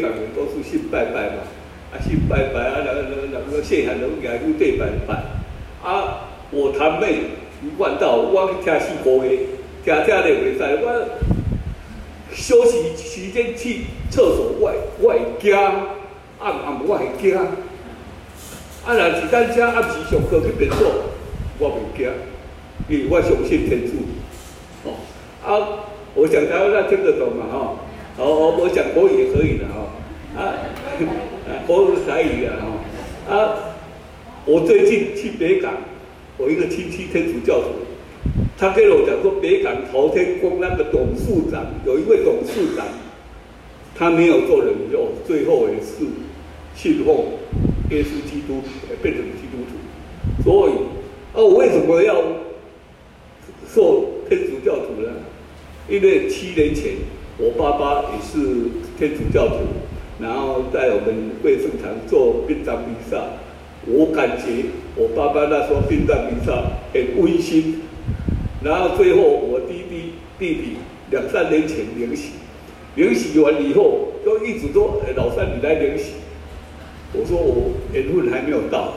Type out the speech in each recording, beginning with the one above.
香港人們都是姓拜拜嘛，啊姓拜拜啊，兩個兩個兩個姓海龍兩個對拜啊，我堂妹，萬道，我聽四個聽聽咧袂使。我休息時間去廁所外外驚，啊啊我嚇驚。啊，若暗是咱只阿姨上課去廁所，我袂驚，因為我相信天主。哦，啊，我講台灣聽得懂嘛吼？我我我講國語也可以的。哦啊，啊，我有個才藝啊！啊，我最近去北港，我一個親戚天主教徒，他跟我講說，北港朝天宮那個董事長有一位董事長，他沒有做人肉，最後也是信奉耶穌基督，變成基督徒。所以，啊，我為什麼要受天主教徒呢？因為七年前我爸爸也是天主教徒。然後在我們衛生堂做殯葬禮上，我感覺我爸爸那時候殯葬禮上很溫馨。然後最後我弟弟弟弟兩三年前領洗，領洗完以後就一直說：“哎，老三你來領洗。”我說：“我緣分還沒有到，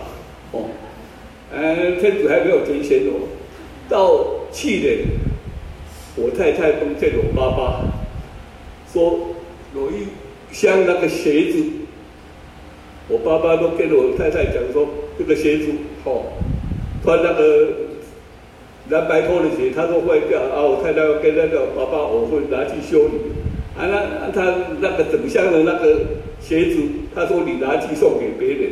哦，呃，天主還沒有成仙哦。”到去年，我太太夢見我爸爸，說：“我一。”像那個鞋子，我爸爸都跟我太太講說，這個鞋子好，哦，穿那個藍白拖的鞋，他說壞掉啊，我太太要跟那個爸爸我會拿去修理。啊，那他那個整箱的那個鞋子，他說你拿去送給別人。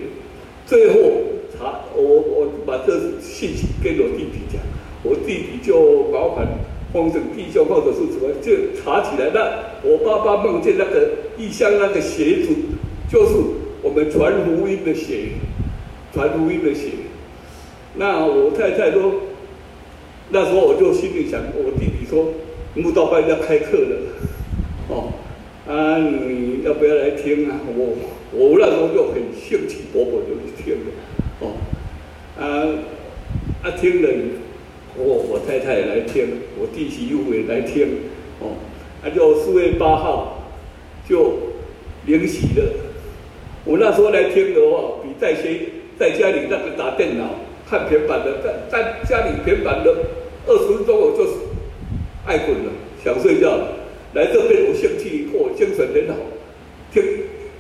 最後查，啊、我，我把這事情跟我弟弟講，我弟弟就保管。方正必須要靠的是什麼？就查起來，那我爸爸夢見那個一箱那個鞋子，就是我們傳福音的鞋，傳福音的鞋。那我太太說，那時候我就心裡想，我弟弟說，慕道班要開課了，哦，啊，你要不要來聽啊？我我那時候就很興致勃勃，就去聽了，哦，啊，啊，聽了。我、哦、我太太也來聽，我弟媳又也來聽，哦，那、啊、就四月八號就領洗了。我那時候來聽的話，比在些在家裡那個打電腦看平板的，在在家裡平板的二十分鐘我就愛困了，想睡覺了。來這邊我興趣一後精神很好，聽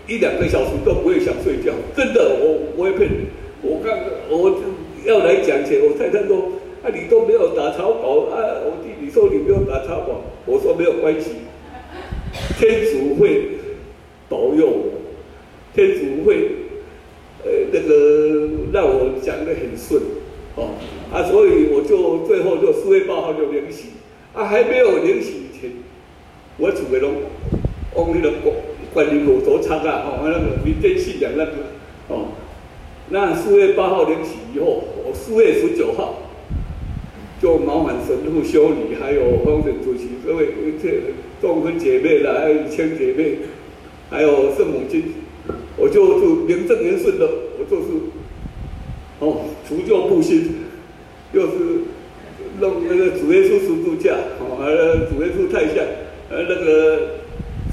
一兩個小時都不會想睡覺，真的，我我不騙你。我剛我，剛剛我要來講起，我太太都。啊，你都沒有打草稿啊！我弟，你說你沒有打草稿，我說沒有關係。天主會保佑我，天主會，呃、欸，那個讓我講得很順，哦，啊，所以我就最後就四月八號就領洗，啊，還沒有領洗前，我準備了，哦，那個關關於如何插啊，哦，那民間信仰那個，哦，那四月八號領洗以後，我四月十九號。就馬滿神父、修女還有方嬸主席，各位這眾坤姐妹啦，千姐妹，還有聖母金，我就就名正言順的，我就是，哦，除舊佈新，又，就是弄那，那個主耶穌十字架，哦、啊，主耶穌太像，呃、啊，那個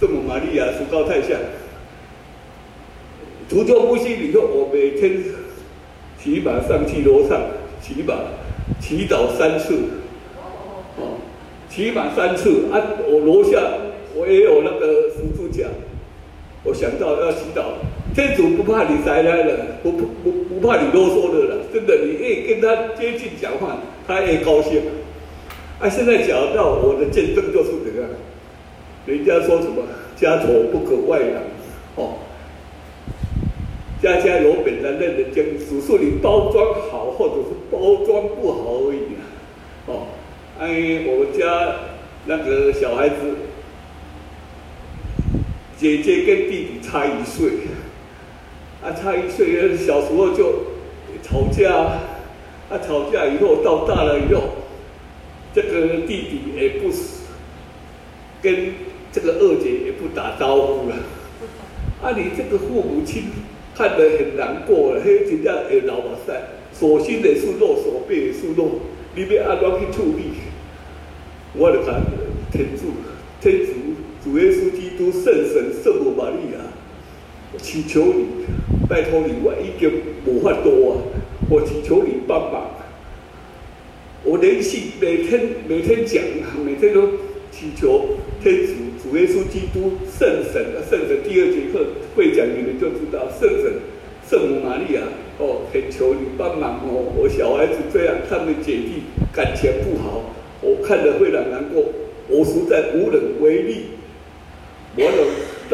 聖母瑪利亞石膏太像，除舊佈新以後，我每天騎馬上去樓上騎馬。祈禱三次，哦，起碼三次啊！我樓下我也有那個師傅講，我想到要祈禱，天主不怕你財來，來了，不不不，不怕你囉嗦的了，真的，你一跟他接近講話，他也高興啊。啊，現在講到我的見證就是這個，人家說什麼家醜不可外揚，哦，家家有本難念的經，只是你包裝好或者是。包裝不好而已啊！哦，哎，我們家那個小孩子，姐姐跟弟弟差一歲，啊，差一歲，小時候就吵架，啊，吵架以後到大了以後，這個弟弟也不跟這個二姐也不打招呼了，啊，啊，你這個父母親看得很難過了，啊，嘿，哎，人家二老哇噻。所信的數落，所敗的數落，你要安怎去處理？我就講天主，天主，主耶穌基督聖神聖母瑪利亞，我祈求你，拜托你，我已經無法度啊！我祈求你幫忙，我連續每天每天講，每天都祈求天主，主耶穌基督聖神聖神。神第二節課會講，你們就知道聖神聖母瑪利亞。哦，懇求你幫忙哦！我小孩子這樣，他們姐弟感情不好，我、哦、看了會讓難過。我實在無能為力，我到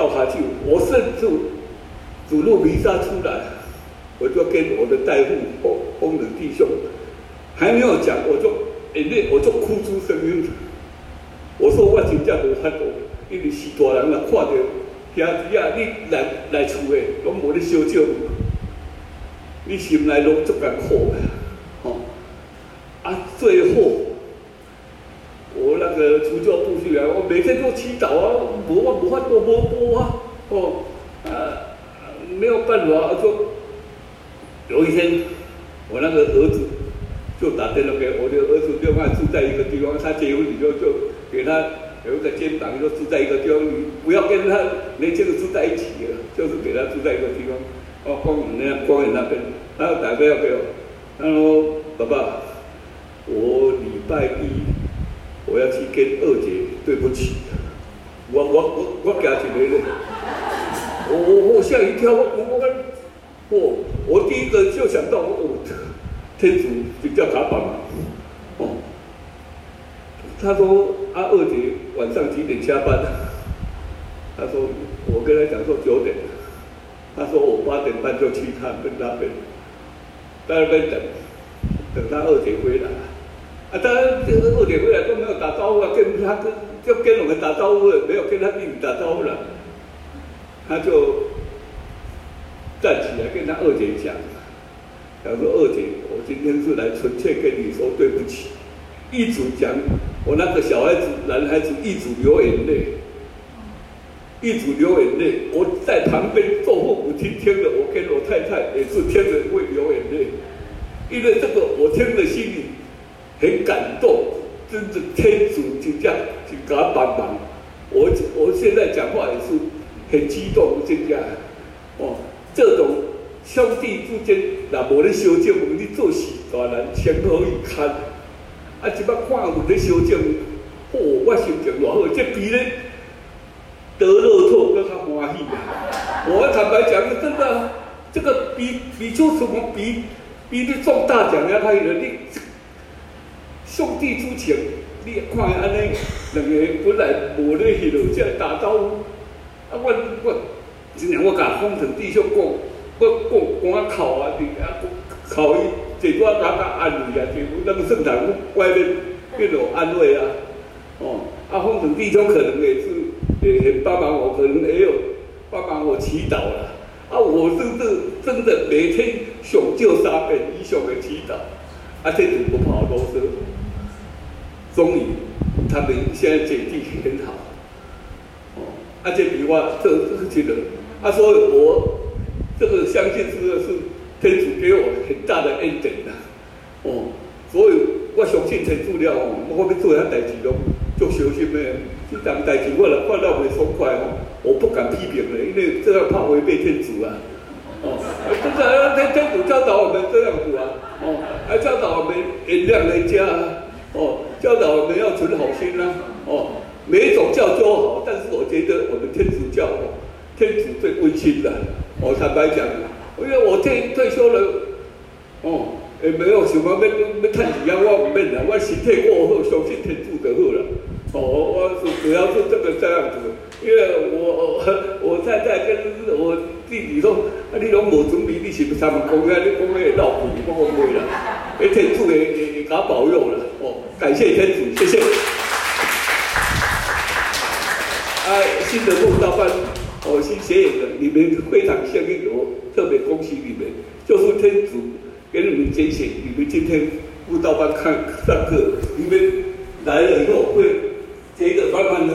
叫他去。我甚至走路彌沙出來，我就跟我的大夫、哦、我工人弟兄還沒有講，我就眼淚，我就哭出聲音。我說我請假離開，因為許多人若看到兄弟啊，你來來厝的，我無咧燒酒。你心內攏足艱苦嘅，吼！啊，最後我那個除教部去啊，我每天都祈禱啊，不患不患多波波啊，吼！啊，沒有辦法就有一天，我那個兒子就打電話給我,我的兒子，就話：“住在一個地方，他結婚你就就給他有一個肩膀，就住在一個地方，你不要跟他每天都住在一起了，就是給他住在一個地方。哦，光園那邊，打個代表叫，他說爸爸，我禮拜一我要去跟二姐，對不起，我我我我家姐妹，我我我嚇一跳，我我我，我我，我，我，我，我，我第一個就想到，我、哦、我天主就叫卡棒嘛，哦，他說啊，二姐晚上幾點下班？他說我跟他講說九點。他說：“我八點半就去看跟他跟那邊，在那邊等，等他二姐回來啊。啊，當然，這二姐回來都沒有打招呼啊，跟他跟就跟我們打招呼了、啊，沒有跟他弟弟打招呼了、啊。他就站起來跟他二姐講、啊，他說二姐，我今天是來純粹跟你說對不起。一直講，我那個小孩子，男孩子一直流眼淚。”一直流眼淚，我在旁邊做父母聽聽了，我跟我太太也是聽着會流眼淚，因為這個我聽着心裡很感動，真的天主真的就這樣去給他幫忙。我我現在講話也是很激動，真正哦，這種兄弟之間若無咧燒酒唔咧做事，大人情何以堪。啊，一要看唔咧燒酒，哦，我心情偌好，即比咧。得都較了透讓他歡喜，我坦白講，真的，這個比比就什麼比比你中大獎了，他有你兄弟之情，你看安尼兩個本來無在一路，只係打招呼，啊，我我，真正我城，我甲顯忠弟兄我講過關哭啊，你啊，考伊結段大家安慰啊，全部人思想外面變咗安慰啊，哦、嗯嗯，啊，顯忠弟兄可能也是。幫忙我可能也有幫忙我祈禱了啊！我是是真的每天想就三遍一想個人以上祈禱。啊，天主不怕我講，終於他們現在境地很好。哦，啊這比我，這句話就就是覺得，他、這、說、個、啊、我這個相信這個是天主給我很大的恩典啦。哦，所以我相信天主了，我我要做下代志咯。做些什咩？這檔代志為了看到我們爽快哦，我不敢批評了，因為這樣怕違背天主啊。哦，真正讓天主教導我們這樣子啊。哦，還教導我們原諒人家、啊、哦，教導我們要存好心啦、啊。哦，每一種教都好，但是我覺得我們天主教哦，天主最溫馨的、啊。我、哦、坦白講，因為我這一退休了，哦。哎，沒有，什想講要要賺錢，我唔免啦。我身體好，相信天主就好了。哦，我是主要是這個這樣子，因為我我我太太跟我弟弟說，啊，你都無準備，你是差唔多噶，你講呢鬧貧幫我妹啦，誒，天主誒，給給給保佑了，哦，感謝天主，謝謝。啊，新的慕道班，哦，新學員們，你們非常幸運，哦，特別恭喜你們，就是天主。給你們驚喜，你們今天舞蹈班，看上課，你們來了以後會覺得，慢慢的。